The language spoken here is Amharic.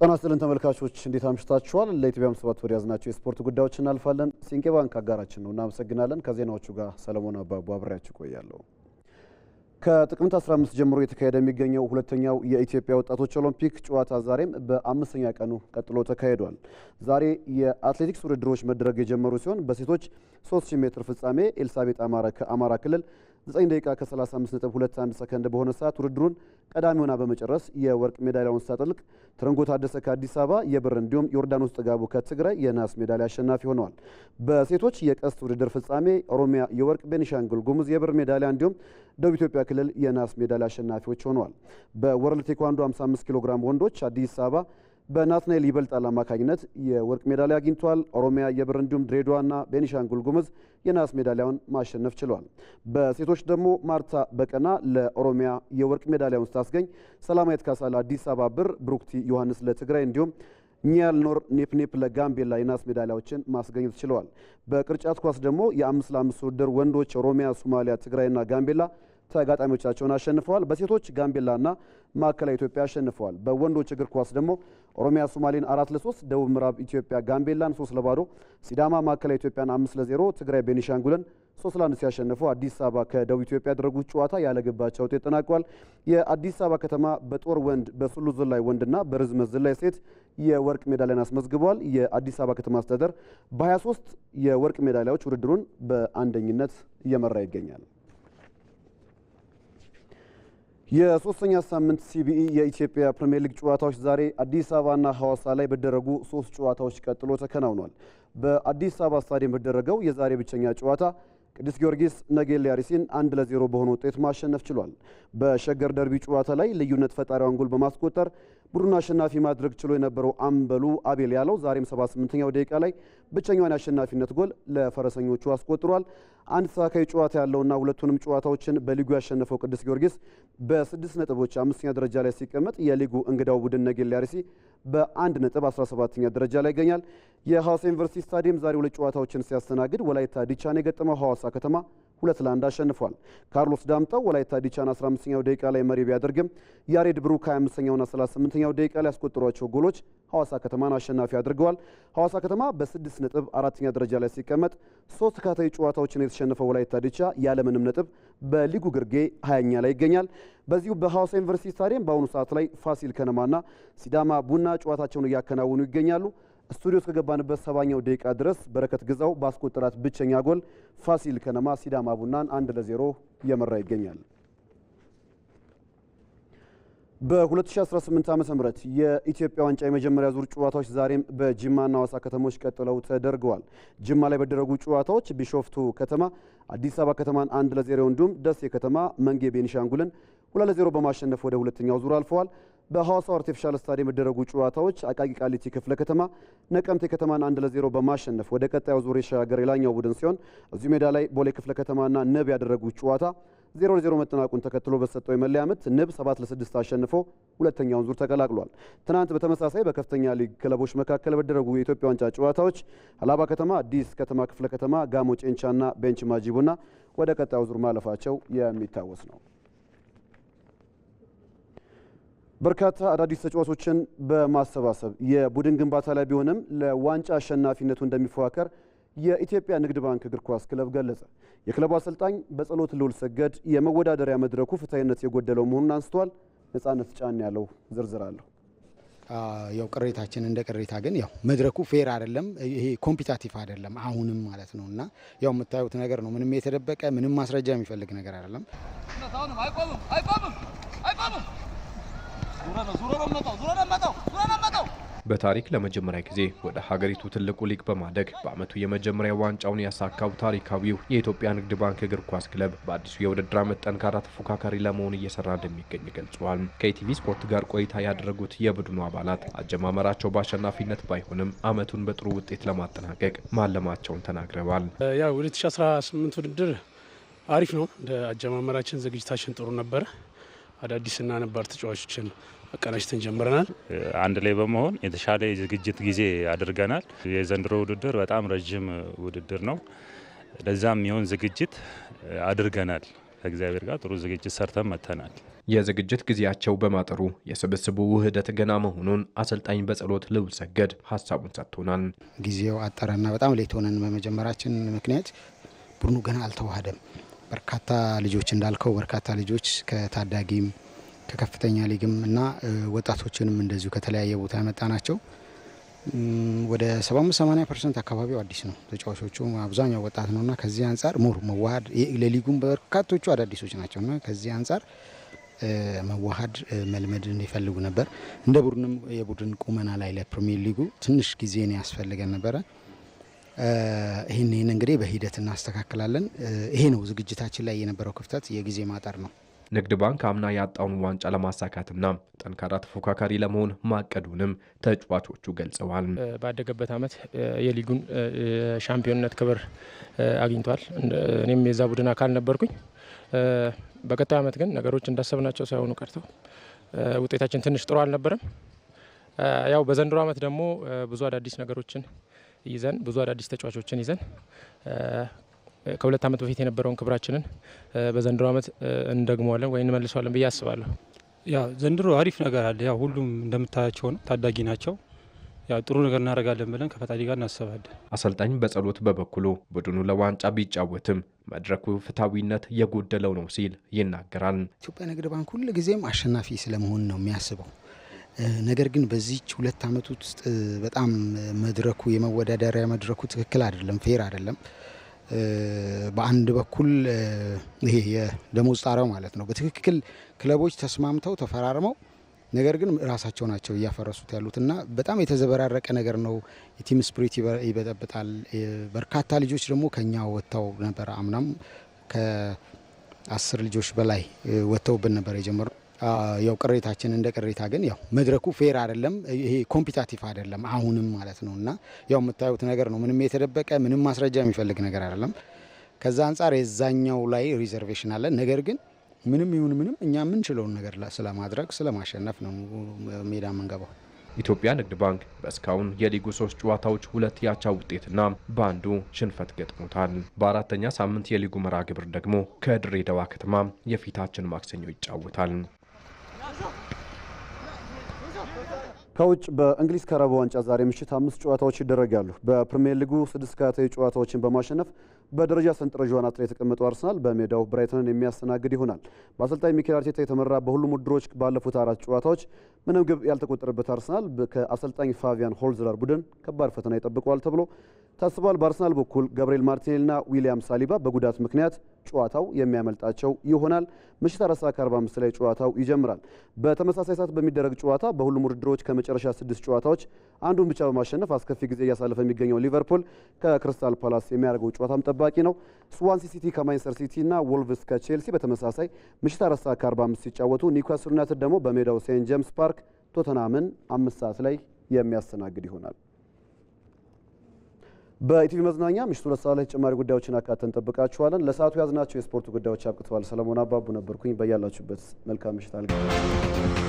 ጤና ይስጥልን ተመልካቾች እንዴት አምሽታችኋል? ለኢትዮጵያ ሰባት ወር ያዝናቸው የስፖርት ጉዳዮች እናልፋለን። ሲንቄ ባንክ አጋራችን ነው፣ እናመሰግናለን። ከዜናዎቹ ጋር ሰለሞን አባቡ አብሬያችሁ ቆያለሁ። ከጥቅምት 15 ጀምሮ የተካሄደ የሚገኘው ሁለተኛው የኢትዮጵያ ወጣቶች ኦሎምፒክ ጨዋታ ዛሬም በአምስተኛ ቀኑ ቀጥሎ ተካሂዷል። ዛሬ የአትሌቲክስ ውድድሮች መድረግ የጀመሩ ሲሆን በሴቶች 3000 ሜትር ፍጻሜ ኤልሳቤጥ አማረ ከአማራ ክልል 9 ደቂቃ ከ35.21 ሰከንድ በሆነ ሰዓት ውድድሩን ቀዳሚ ሆና በመጨረስ የወርቅ ሜዳሊያውን ስታጠልቅ ትረንጎ ታደሰ ከአዲስ አበባ የብር እንዲሁም ዮርዳኖስ ጥጋቡ ከትግራይ የነሐስ ሜዳሊያ አሸናፊ ሆነዋል። በሴቶች የቀስት ውድድር ፍጻሜ ኦሮሚያ የወርቅ፣ ቤኒሻንጉል ጉሙዝ የብር ሜዳሊያ እንዲሁም ደቡብ ኢትዮጵያ ክልል የነሐስ ሜዳሊያ አሸናፊዎች ሆነዋል። በወርልድ ቴኳንዶ 55 ኪሎ ግራም ወንዶች አዲስ አበባ በናትናኤል ይበልጣል አማካኝነት የወርቅ ሜዳሊያ አግኝቷል። ኦሮሚያ የብር እንዲሁም ድሬዳዋና ቤኒሻንጉል ጉሙዝ የናስ ሜዳሊያውን ማሸነፍ ችሏል። በሴቶች ደግሞ ማርታ በቀና ለኦሮሚያ የወርቅ ሜዳሊያውን ስታስገኝ፣ ሰላማየት ካሳ ለአዲስ አበባ ብር፣ ብሩክቲ ዮሐንስ ለትግራይ እንዲሁም ኒያልኖር ኔፕኔፕ ለጋምቤላ የናስ ሜዳሊያዎችን ማስገኘት ችለዋል። በቅርጫት ኳስ ደግሞ የአምስት ለአምስት ውድድር ወንዶች ኦሮሚያ፣ ሶማሊያ፣ ትግራይና ጋምቤላ ተጋጣሚዎቻቸውን አሸንፈዋል። በሴቶች ጋምቤላና ማዕከላዊ ኢትዮጵያ አሸንፈዋል። በወንዶች እግር ኳስ ደግሞ ኦሮሚያ ሶማሌን አራት ለሶስት፣ ደቡብ ምዕራብ ኢትዮጵያ ጋምቤላን ሶስት ለባዶ፣ ሲዳማ ማዕከላዊ ኢትዮጵያን አምስት ለዜሮ፣ ትግራይ ቤኒሻንጉልን ሶስት ለአንድ ሲያሸንፉ አዲስ አበባ ከደቡብ ኢትዮጵያ ያደረጉት ጨዋታ ያለግባቸው ውጤት ተጠናቋል። የአዲስ አበባ ከተማ በጦር ወንድ በሱሉ ዝላይ ወንድና በርዝመት ዝላይ ሴት የወርቅ ሜዳሊያን አስመዝግቧል። የአዲስ አበባ ከተማ አስተዳደር በ23 የወርቅ ሜዳሊያዎች ውድድሩን በአንደኝነት እየመራ ይገኛል። የሶስተኛ ሳምንት ሲቢኢ የኢትዮጵያ ፕሪሚየር ሊግ ጨዋታዎች ዛሬ አዲስ አበባና ሐዋሳ ላይ በደረጉ ሶስት ጨዋታዎች ቀጥሎ ተከናውኗል። በአዲስ አበባ ስታዲየም በደረገው የዛሬ ብቸኛ ጨዋታ ቅዱስ ጊዮርጊስ ነገሌ አርሲን አንድ ለዜሮ በሆነ ውጤት ማሸነፍ ችሏል። በሸገር ደርቢ ጨዋታ ላይ ልዩነት ፈጣሪዋን ጎል በማስቆጠር ቡድኑ አሸናፊ ማድረግ ችሎ የነበረው አምበሉ አቤል ያለው ዛሬም 78ኛው ደቂቃ ላይ ብቸኛውን የአሸናፊነት ጎል ለፈረሰኞቹ አስቆጥሯል። አንድ ተሳካይ ጨዋታ ያለውና ሁለቱንም ጨዋታዎችን በሊጉ ያሸነፈው ቅዱስ ጊዮርጊስ በስድስት ነጥቦች አምስተኛ ደረጃ ላይ ሲቀመጥ የሊጉ እንግዳው ቡድን ነጌሌ አርሲ በአንድ ነጥብ 17ኛ ደረጃ ላይ ይገኛል። የሐዋሳ ዩኒቨርሲቲ ስታዲየም ዛሬ ሁለት ጨዋታዎችን ሲያስተናግድ ወላይታ ዲቻን የገጠመው ሐዋሳ ከተማ ሁለት ለአንድ አሸንፏል። ካርሎስ ዳምጠው ወላይታ ዲቻን 15ኛው ደቂቃ ላይ መሪ ቢያደርግም ያሬድ ብሩክ 25ኛውና 38ኛው ደቂቃ ላይ ያስቆጠሯቸው ጎሎች ሐዋሳ ከተማን አሸናፊ አድርገዋል። ሐዋሳ ከተማ በስድስት ነጥብ አራተኛ ደረጃ ላይ ሲቀመጥ ሶስት ተከታታይ ጨዋታዎችን የተሸነፈው ወላይታ ዲቻ ያለምንም ነጥብ በሊጉ ግርጌ 20ኛ ላይ ይገኛል። በዚሁ በሐዋሳ ዩኒቨርሲቲ ስታዲየም በአሁኑ ሰዓት ላይ ፋሲል ከነማና ሲዳማ ቡና ጨዋታቸውን እያከናወኑ ይገኛሉ። ስቱዲዮ እስከገባንበት ሰባኛው ደቂቃ ድረስ በረከት ግዛው ባስቆጠራት ብቸኛ ጎል ፋሲል ከነማ ሲዳማ ቡናን አንድ ለዜሮ እየመራ ይገኛል። በ2018 ም የኢትዮጵያ ዋንጫ የመጀመሪያ ዙር ጨዋታዎች ዛሬም በጅማና ሐዋሳ ከተሞች ቀጥለው ተደርገዋል። ጅማ ላይ በደረጉ ጨዋታዎች ቢሾፍቱ ከተማ አዲስ አበባ ከተማን አንድ ለዜሮ እንዲሁም ደሴ ከተማ መንጌ ቤኒሻንጉልን ሁለት ለዜሮ በማሸነፍ ወደ ሁለተኛው ዙር አልፈዋል። በሐዋሳው አርቲፊሻል ስታዲየም የደረጉ ጨዋታዎች አቃቂ ቃሊቲ ክፍለ ከተማ ነቀምቴ ከተማን አንድ ለዜሮ በማሸነፍ ወደ ቀጣዩ ዙር የሻገር የላኛው ቡድን ሲሆን እዚሁ ሜዳ ላይ ቦሌ ክፍለ ከተማና ንብ ያደረጉ ጨዋታ ዜሮ ለዜሮ መጠናቁን ተከትሎ በተሰጠው የመለያ ምት ንብ ሰባት ለስድስት አሸንፎ ሁለተኛውን ዙር ተቀላቅሏል። ትናንት በተመሳሳይ በከፍተኛ ሊግ ክለቦች መካከል በደረጉ የኢትዮጵያ ዋንጫ ጨዋታዎች ሀላባ ከተማ፣ አዲስ ከተማ ክፍለ ከተማ፣ ጋሞ ጬንቻና ቤንች ማጂቡና ወደ ቀጣዩ ዙር ማለፋቸው የሚታወስ ነው። በርካታ አዳዲስ ተጫዋቾችን በማሰባሰብ የቡድን ግንባታ ላይ ቢሆንም ለዋንጫ አሸናፊነቱ እንደሚፎካከር የኢትዮጵያ ንግድ ባንክ እግር ኳስ ክለብ ገለጸ። የክለቡ አሰልጣኝ በጸሎት ልዑል ሰገድ የመወዳደሪያ መድረኩ ፍትሐዊነት የጎደለው መሆኑን አንስተዋል። ነጻነት ጫን ያለው ዝርዝር አለው። ያው ቅሬታችን እንደ ቅሬታ ግን ያው መድረኩ ፌር አይደለም፣ ይሄ ኮምፒታቲቭ አይደለም አሁንም ማለት ነው። እና ያው የምታዩት ነገር ነው። ምንም የተደበቀ ምንም ማስረጃ የሚፈልግ ነገር አይደለም። በታሪክ ለመጀመሪያ ጊዜ ወደ ሀገሪቱ ትልቁ ሊግ በማደግ በዓመቱ የመጀመሪያ ዋንጫውን ያሳካው ታሪካዊው የኢትዮጵያ ንግድ ባንክ እግር ኳስ ክለብ በአዲሱ የውድድር አመት ጠንካራ ተፎካካሪ ለመሆን እየሰራ እንደሚገኝ ገልጿል። ከኢቲቪ ስፖርት ጋር ቆይታ ያደረጉት የቡድኑ አባላት አጀማመራቸው በአሸናፊነት ባይሆንም ዓመቱን በጥሩ ውጤት ለማጠናቀቅ ማለማቸውን ተናግረዋል። ያው 2018 ውድድር አሪፍ ነው። እንደ አጀማመራችን ዝግጅታችን ጥሩ ነበረ። አዳዲስና ነባር ተጫዋቾችን አቀናጅተን ጀምረናል። አንድ ላይ በመሆን የተሻለ የዝግጅት ጊዜ አድርገናል። የዘንድሮ ውድድር በጣም ረዥም ውድድር ነው። ለዛም የሚሆን ዝግጅት አድርገናል። ከእግዚአብሔር ጋር ጥሩ ዝግጅት ሰርተን መጥተናል። የዝግጅት ጊዜያቸው በማጠሩ የስብስቡ ውህደት ገና መሆኑን አሰልጣኝ በጸሎት ልውሰገድ ሀሳቡን ሰጥቶናል። ጊዜው አጠረና በጣም ሌት ሆነን በመጀመራችን ምክንያት ቡድኑ ገና አልተዋህደም። በርካታ ልጆች እንዳልከው በርካታ ልጆች ከታዳጊም ከከፍተኛ ሊግም እና ወጣቶችንም እንደዚሁ ከተለያየ ቦታ ያመጣ ናቸው። ወደ 78 ፐርሰንት አካባቢው አዲስ ነው። ተጫዋቾቹ አብዛኛው ወጣት ነው እና ከዚህ አንጻር ሙር መዋሃድ ለሊጉም በርካቶቹ አዳዲሶች ናቸው እና ከዚህ አንጻር መዋሃድ መልመድ ይፈልጉ ነበር። እንደ ቡድንም የቡድን ቁመና ላይ ለፕሪሚየር ሊጉ ትንሽ ጊዜ ነው ያስፈልገን ነበረ። ይህን ይህን እንግዲህ በሂደት እናስተካክላለን። ይሄ ነው ዝግጅታችን ላይ የነበረው ክፍተት የጊዜ ማጠር ነው። ንግድ ባንክ አምና ያጣውን ዋንጫ ለማሳካትና ጠንካራ ተፎካካሪ ለመሆን ማቀዱንም ተጫዋቾቹ ገልጸዋል። ባደገበት ዓመት የሊጉን ሻምፒዮንነት ክብር አግኝቷል። እኔም የዛ ቡድን አካል ነበርኩኝ። በቀጣዩ ዓመት ግን ነገሮች እንዳሰብናቸው ሳይሆኑ ቀርተው ውጤታችን ትንሽ ጥሩ አልነበረም። ያው በዘንድሮ ዓመት ደግሞ ብዙ አዳዲስ ነገሮችን ይዘን ብዙ አዳዲስ ተጫዋቾችን ይዘን ከሁለት ዓመት በፊት የነበረውን ክብራችንን በዘንድሮ ዓመት እንደግመዋለን ወይ እንመልሰዋለን ብዬ አስባለሁ። ያ ዘንድሮ አሪፍ ነገር አለ። ያ ሁሉም እንደምታያቸው ነው፣ ታዳጊ ናቸው። ያ ጥሩ ነገር እናደርጋለን ብለን ከፈጣሪ ጋር እናስባለን። አሰልጣኝ በጸሎት በበኩሉ ቡድኑ ለዋንጫ ቢጫወትም መድረኩ ፍትሐዊነት የጎደለው ነው ሲል ይናገራል። ኢትዮጵያ ንግድ ባንክ ሁል ጊዜም አሸናፊ ስለመሆን ነው የሚያስበው። ነገር ግን በዚች ሁለት ዓመት ውስጥ በጣም መድረኩ የመወዳደሪያ መድረኩ ትክክል አይደለም፣ ፌር አይደለም። በአንድ በኩል ይሄ የደሞዝ ጣሪያው ማለት ነው በትክክል ክለቦች ተስማምተው ተፈራርመው ነገር ግን ራሳቸው ናቸው እያፈረሱት ያሉት እና በጣም የተዘበራረቀ ነገር ነው። የቲም ስፕሪት ይበጠብጣል። በርካታ ልጆች ደግሞ ከኛ ወጥተው ነበር። አምናም ከአስር ልጆች በላይ ወጥተውብን ነበር የጀመሩ ያው ቅሬታችን እንደ ቅሬታ ግን ያው መድረኩ ፌር አይደለም፣ ይሄ ኮምፒታቲቭ አይደለም አሁንም ማለት ነው። እና ያው የምታዩት ነገር ነው። ምንም የተደበቀ ምንም ማስረጃ የሚፈልግ ነገር አይደለም። ከዛ አንጻር የዛኛው ላይ ሪዘርቬሽን አለን። ነገር ግን ምንም ይሁን ምንም እኛ የምንችለውን ነገር ስለማድረግ ስለማሸነፍ ነው ሜዳ የምንገባው። ኢትዮጵያ ንግድ ባንክ በእስካሁን የሊጉ ሶስት ጨዋታዎች ሁለት ያቻ ውጤትና በአንዱ ሽንፈት ገጥሞታል። በአራተኛ ሳምንት የሊጉ መርሃ ግብር ደግሞ ከድሬዳዋ ከተማ የፊታችን ማክሰኞ ይጫወታል። ከውጭ በእንግሊዝ ካራቦ ዋንጫ ዛሬ ምሽት አምስት ጨዋታዎች ይደረጋሉ። በፕሪሚየር ሊጉ ስድስት ተከታታይ ጨዋታዎችን በማሸነፍ በደረጃ ሰንጠረዥ ዋና ጥላ የተቀመጠው አርሰናል በሜዳው ብራይተንን የሚያስተናግድ ይሆናል። በአሰልጣኝ ሚኬል አርቴታ የተመራ በሁሉም ውድድሮች ባለፉት አራት ጨዋታዎች ምንም ግብ ያልተቆጠረበት አርሰናል ከአሰልጣኝ ፋቪያን ሆልዝለር ቡድን ከባድ ፈተና ይጠብቀዋል ተብሎ ታስቧል። በአርሰናል በኩል ገብርኤል ማርቲኔሊና ዊሊያም ሳሊባ በጉዳት ምክንያት ጨዋታው የሚያመልጣቸው ይሆናል። ምሽት 4 ሰዓት ከ45 ላይ ጨዋታው ይጀምራል። በተመሳሳይ ሰዓት በሚደረግ ጨዋታ በሁሉም ውድድሮች ከመጨረሻ ስድስት ጨዋታዎች አንዱን ብቻ በማሸነፍ አስከፊ ጊዜ እያሳለፈ የሚገኘው ሊቨርፑል ከክሪስታል ፓላስ የሚያደርገው ጨዋታም ጠባቂ ነው። ስዋንሲ ሲቲ ሲቲ ሲቲና ወልቭስ ከቼልሲ በተመሳሳይ ምሽት 4 ሰዓት ከ45 ሲጫወቱ፣ ኒውካስል ዩናይትድ ደግሞ በሜዳው ሴንት ጄምስ ፓርክ ቶተናምን አምስት ሰዓት ላይ የሚያስተናግድ ይሆናል። በኢቲቪ መዝናኛ ምሽቱ ሁለት ሰዓት ላይ ተጨማሪ ጉዳዮችን አካተን እንጠብቃችኋለን። ለሰዓቱ ያዝናቸው የስፖርት ጉዳዮች አብቅተዋል። ሰለሞን አባቡ ነበርኩኝ። በያላችሁበት መልካም ምሽት አልጋ